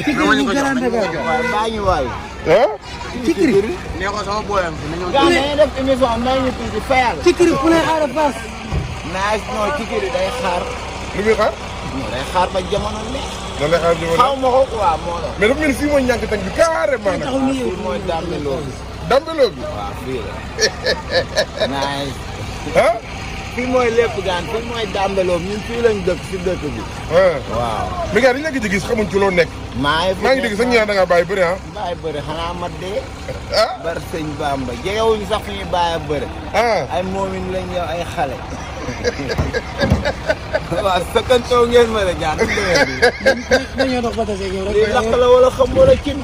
Pikir ñu Grand Dakar bàyyi waay Cikiri eh? ne ko sama booyam dañu def émission may ñu tuuti fayal Cikiri fu lay xaar pass naaj non Cikiri day xaar lu muy xaar day xaar ba jamono ne da lay xaar jamono xaw ma ko quoi moo la mais dafa mel fii mooy ñàkk tànk bi carrément nag mooy dambeloo bi dambeloo bi waaw fii la naaj ah fii mooy lépp gaan fii mooy dambeloo ñun fii lañ dëkk si dëkk bi waaw mais gars dañ la gëj a gis xamuñ ci loo nekk maa ngi maa ngi dégg sax ñu da nga bàyyi bëri ah. bàyyi bëri xanaa ma dee. ah bari sëñ Bamba jegewuñ sax fi ñuy bàyyi bëri. Ah. ay moomin lañ ay xale. waaw sëkkantoo ngeen ma la jaar. dañoo dox ba tase yow rek. lii lakk la wala xam wala cin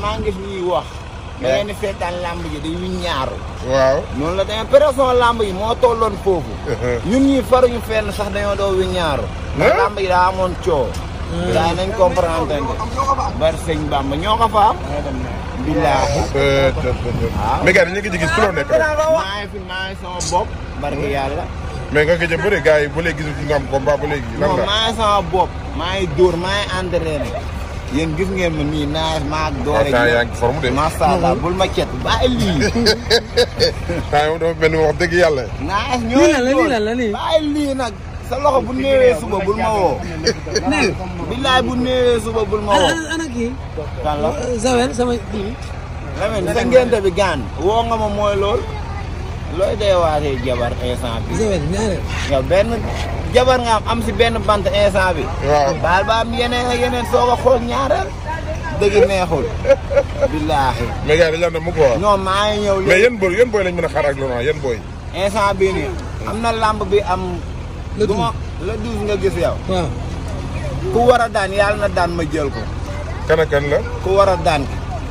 maa ngi gis wax. da ngeen di seetaan làmb ñaaru. waaw noonu la demee pression làmb yi moo tolloon foofu. Uh-huh. ñun ñii faruñu fenn sax dañoo doo wi ñaaru. ndax làmb daa amoon coow. daa hmm. nañ comprendre te sëñ Bamba ñoo ko fa am. billaahi. Eh, waaw mais gars yi ñu ngi gis ku loo nekk rek. maa ngi fi maa hmm. a bëri gars yi ba léegi gis nga am combat ba dóor maa ngi yéen gis ngeen ma nii naaj maa doole. waaw ah, yaa ngi forme bul ma cet lii. temps yow dafa benn wax dëgg yàlla. naaj ñoo la lii la lii nag. sa loxo bu néewee suba bul ma woo. néew. billaay bu néewee suba bul ma woo. ana kii. kan la bi gaan woo nga ma mooy lool. looy dee waatee jabar instant bi. yow benn jabar nga am si benn bant instant bi. waaw baal ba am yeneen ak yeneen soog a xool ñaareel. dëgg neexul. billaahi. mais gars dañu daan mu ko non maa ngi ñëw. mais yéen booy yéen lañ mën a xaar ak loolu yéen booy. instant nii. am na lamb bi am. la la douze nga gis yow. ku war a daan yàlla na daan ma jël ko. kan kan la. ku war a daan.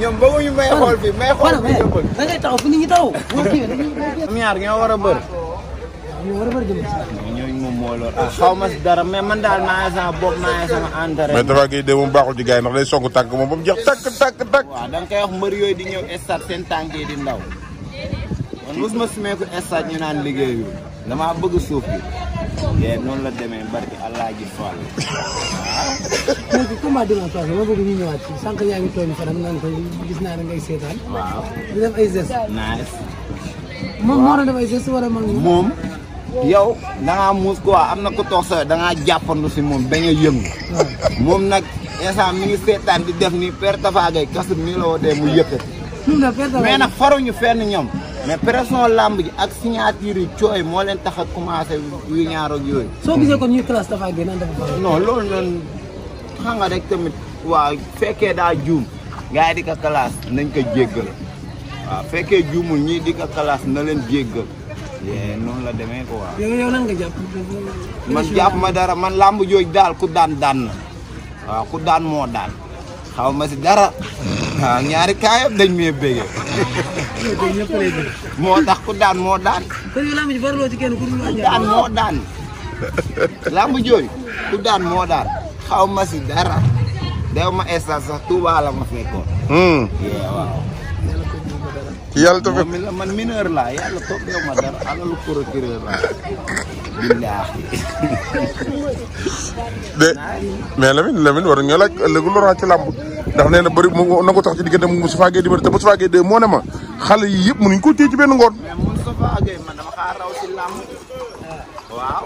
ñoom bëgguñu may xool fii may xool fii nga bëgg. da ngay taxaw fu nit ñi taxaw. ñoom ñaar ñoo war a bër. ñoo war a bër jëm si. ñooñu ma si dara mais man daal maa ngi sama bopp maa ngi sama entraînement. mais dafa gi de moom baaxul ci gars yi ndax day song tànk mu jeex tàkk tàkk tàkk. waaw da nga koy wax mbër yooyu di ñëw stade tànk di ndaw. man mosuma sumeeku stade ñu naan liggéey damaa bëgg suuf bi. la demee barki allah ji Fall. waaw. léegi comment dina toog gis naa ne ngay seetaan. waaw di def ay am na ku toog sa da ngaa jàppandu si moom bañ a yëngu. moom nag instant mi ni seetaan di def ni perte faa ngay kasut nii la wootee mu yëkkati. mais nag faruñu fenn ñoom. mais pression làmb ji ak signature yi cooy moo leen tax a commencé yu ñaar ak yooyu. soo gisee kon ñuy classe dafay gën a def. non loolu rek tamit waaw fekkee daa juum gars yi di nañ ko jéggal waaw fekkee juumul ñii di ko classe na jéggal. yee noonu la demee ko waaw. yow yow ma dara man làmb jooj daal ku daan daan na waaw ku daan moo daan xaw ma dara ñaari kaayam dañ mee bégee. moo tax ku daan moo daan. daan moo daan. lamb jooy ku daan moo daan xaw ma si dara dew ma instant sax la ma fekkoon. Hmm. waaw. yàlla toog man dew ma dara alalu procureur laa. billaahi. de mais Lamine Lamine war nañoo laaj ëllëgu Laurent ci làmb ndax nee na bëri mu na tax ci diggante mu Moustapha Gueye di moo ne ma. xale yi yëpp mënuñ ko téye ci benn ngoon. mais Moustapha Gueye man dama xaar raw si làmb. waaw.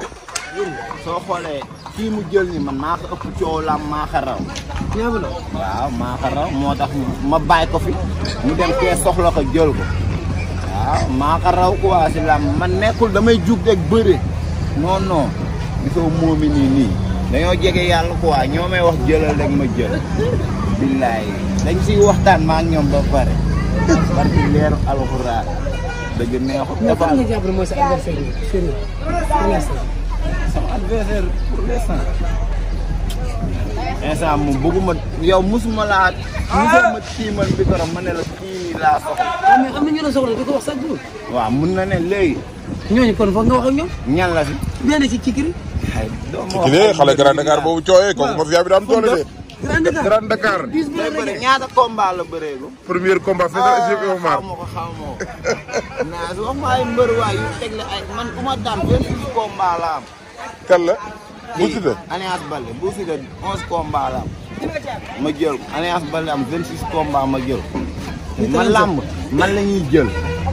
soo xoolee kii mu jël ni man maa ko ëpp coow làmb maa ko raw. moo tax ma bàyyi ko fi mu dem kee soxla ko jël ko. waaw maa ko raw quoi si làmb man nekkul damay jug rek bëre. non non gisoo moom mi nii nii dañoo jege yàlla quoi ñoo may wax jëlal rek ma jël. billaay dañ siy waxtaan maa ngi ñoom ba pare. barki leeru alxuraan dëgg neexut. mais fan nga jàpp ne mooy sa adversaire bi sérieux pour l'instant. sama adversaire pour l'instant. instant moom bëgguma yow musuma laa. musuma ah! ma tiimal bi ne la kii laa soxla. Ah, waaw ne léegi. ñooñu kon foog nga wax ñan la fi. benn ci Cikiri. ay doomu xale boobu cooyee kooku mafia bi daa am doole Grand Dakar Grand Dakar. bis bu bëri ñaata combat la bëreegu. premier combat fële ca Géé Omar xaw ma ko xaw ma ko. naa su wax ma ay mbër waay yu teg man ku onze combat la ma jël Alliance Baldé am vingt six combat ma jël. ma làmb man jël.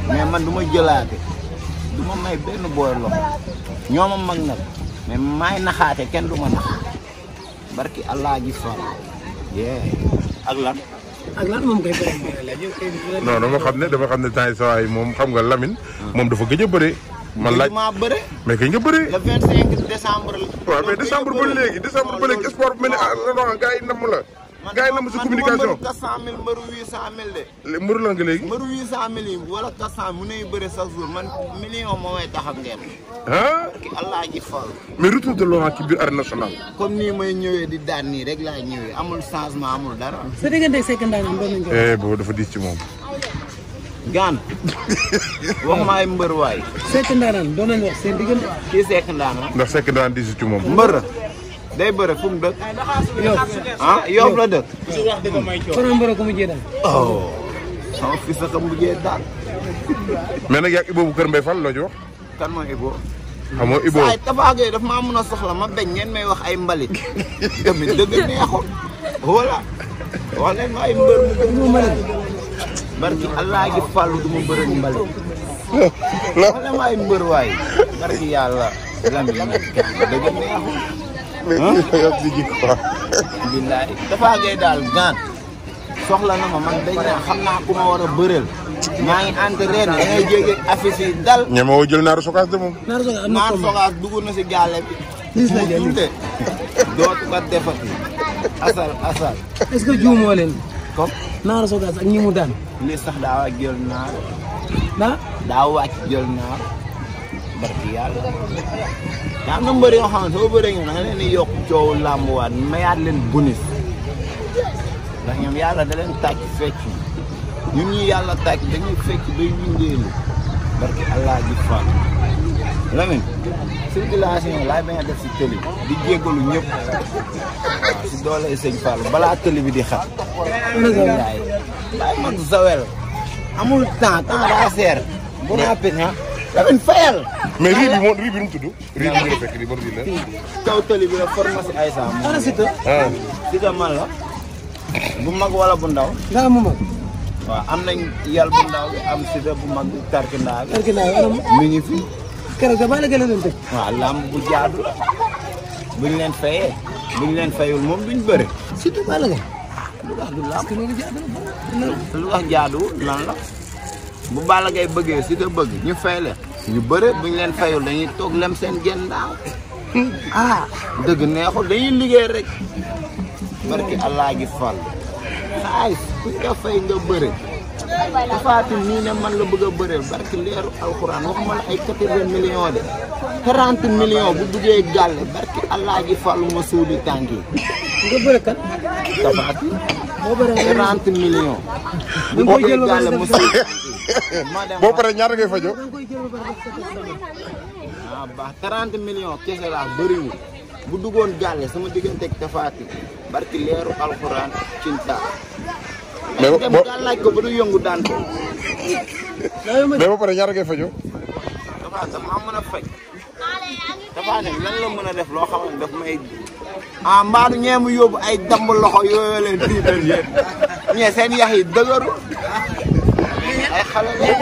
mais man du jëlaate. du may benn booy loxo. ñoo ma mag nag mais maay naxaate kenn du ma barki Alaaji Fall. ak lan. ak moom kay non dama xam ne dama xam ne temps yi moom xam nga Lamine. moom dafa gëj a bëre. man laaj ma kañ nga bëri. le 25 décembre. waaw mais décembre ba léegi décembre ba léegi sport bu mel ni ah non gars yi la. gars yi na mu si communication man man man mbëru 400000 de. mbëru la nga léegi. mbëru 800000 yi wala 400 mu ne bëre chaque jour man million moo may tax ak ngeen. ah parce que allah biir arène nationale. comme nii may ñëwee di daan nii rek laa ñëwee amul changement amul dara. sa diggante Seck Ndanane doon nañu ko. eh boobu dafa diis moom. gaan wax mbër waay. Seck Ndanane doon nañu wax seen diggante. kii Seck Ndanane. ndax Seck moom. mbër. day bëre fu mu dëkk. ah Yoff la dëkk. konoon bëre ku mu jee oh sama fils sa mu jee daal. mais nag Kër Mbaye fan loo ci kan mooy Ibou. xam nga Ibou ay tabaag a soxla ma bañ may wax ay mbalit. tamit dëgg neexul. voilà wax leen ma mbër mën barki allah gi fàllu du ma bëre mbalit. wax leen ma ay mbër waay barki yàlla. lan la ñu dëgg neexul. mais kii yor daal gaan soxla na ma man dañ naa xam naa ku ma war a maa ngi entraîné da ngay jéggi dal. ñeme woo jël naaru de moom. naaru sokaas am si gaale bi. gis la jëli asal asal. est-ce que juumoo leen. ak ñi daan. lii sax daa wàcc jël naar. Ah? daa wàcc jël naar barki yàlla. daa am na mbër yoo xam soo bëree ñoom leen di yokk coow làmbuwaat mayaat leen bonus ndax ñoom yàlla da leen tàcc fecc ñun ñi yàlla tàcc dañuy fecc bay windeelu barki allah ji fan lamin circulation laay bañ a def si tëli di jéggalu ñëpp waaw si doole sëñ Fall balaa tëli bi di xat laay man zawel amul temps temps daa seer bon appétit Lamine fayal. mais riz bi bi nu bi ah, ah. nga fekk di bor di la. kaw tali la pharmacie bu mag wala bu ndaw. ndax mu mag. waaw am nañ yàlla bu bu mag bi tarkindaa bi. tarkindaa bi mi ngi fi. keroog damaa la gën a leen tëj. waaw làmb bu jaadu la. leen fayee. buñ leen fayul moom duñ bëri. Siteu maa la lu wax du làmb lu wax bu Balla Gaye bëggee Siteu bëgg ñu fay leen. ñu bëre bu ñu leen fayul dañuy toog lem seen genn daaw ah. dëgg neexul dañuy liggéey rek barki allah gi fal xaalis ku nga fay nga bëre dafaatul nii ne man la bëgg a bëreel barki leeru alxuraan waxuma la ay quatre de trente bu duggee gàlle barki allah gi fal ma suuli tànk yi nga bëre kat tafaati 30 millions. boo koy jàll mu boo paree ñaata ngay fajoo. ah baax 30 millions kese laa bu duggoon jàlle sama digganteeg tafaati barki leeru alxuraan cinta. mais boo dem laaj ko ba du yëngu daan fajoo. dafa am mën a faj. dafa lan la mën a def loo xamante daf may. ah mbaalu ñee mu yóbbu ay damb loxo yooyu leen tiital ñee seen yax yi dëgëru ay xale la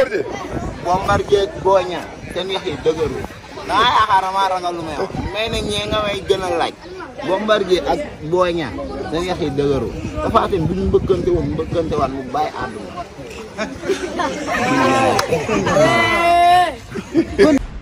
Bombardier Boña seen yax yi dëgëru danga yaakaar maa ragal lu may wax na ñee nga may gën a laaj Bombardier ak Boña seen yax yi dëgëru dafa atin bu ñu mbëkkante woon mbëkkante waat mu bàyyi àdduna